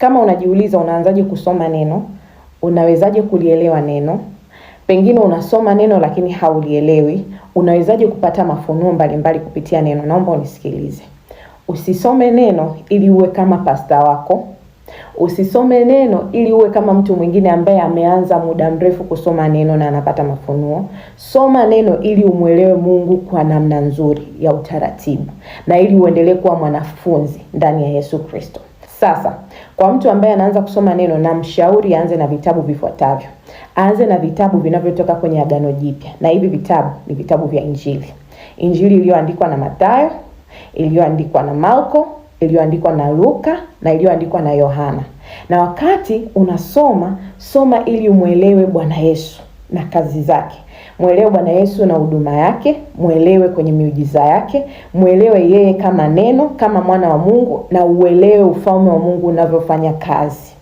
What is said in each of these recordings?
Kama unajiuliza unaanzaje kusoma neno, unawezaje kulielewa neno, pengine unasoma neno lakini haulielewi, unawezaje kupata mafunuo mbalimbali kupitia neno, naomba unisikilize. Usisome neno ili uwe kama pasta wako. Usisome neno ili uwe kama mtu mwingine ambaye ameanza muda mrefu kusoma neno na anapata mafunuo. Soma neno ili umwelewe Mungu kwa namna nzuri ya utaratibu na ili uendelee kuwa mwanafunzi ndani ya Yesu Kristo. Sasa kwa mtu ambaye anaanza kusoma neno, na mshauri aanze na vitabu vifuatavyo. Aanze na vitabu vinavyotoka kwenye Agano Jipya, na hivi vitabu ni vitabu vya Injili. Injili iliyoandikwa na Mathayo, iliyoandikwa na Marko, iliyoandikwa na Luka na iliyoandikwa na Yohana. Na wakati unasoma soma, ili umwelewe Bwana Yesu na kazi zake. Mwelewe Bwana Yesu na huduma yake, mwelewe kwenye miujiza yake, mwelewe yeye kama neno, kama mwana wa Mungu, na uelewe ufalme wa Mungu unavyofanya kazi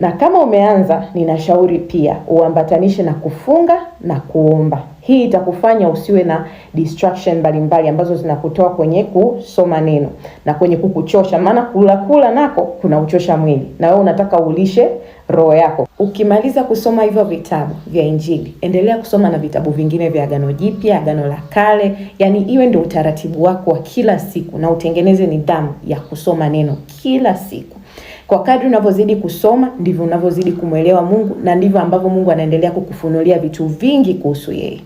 na kama umeanza, ninashauri pia uambatanishe na kufunga na kuomba. Hii itakufanya usiwe na distraction mbalimbali ambazo zinakutoa kwenye kusoma neno na kwenye kukuchosha, maana kula kula nako kuna uchosha mwili, na wewe unataka ulishe roho yako. Ukimaliza kusoma hivyo vitabu vya Injili, endelea kusoma na vitabu vingine vya Agano Jipya, Agano la Kale, yani iwe ndio utaratibu wako wa kila siku, na utengeneze nidhamu ya kusoma neno kila siku. Kwa kadri unavyozidi kusoma ndivyo unavyozidi kumwelewa Mungu na ndivyo ambavyo Mungu anaendelea kukufunulia vitu vingi kuhusu yeye.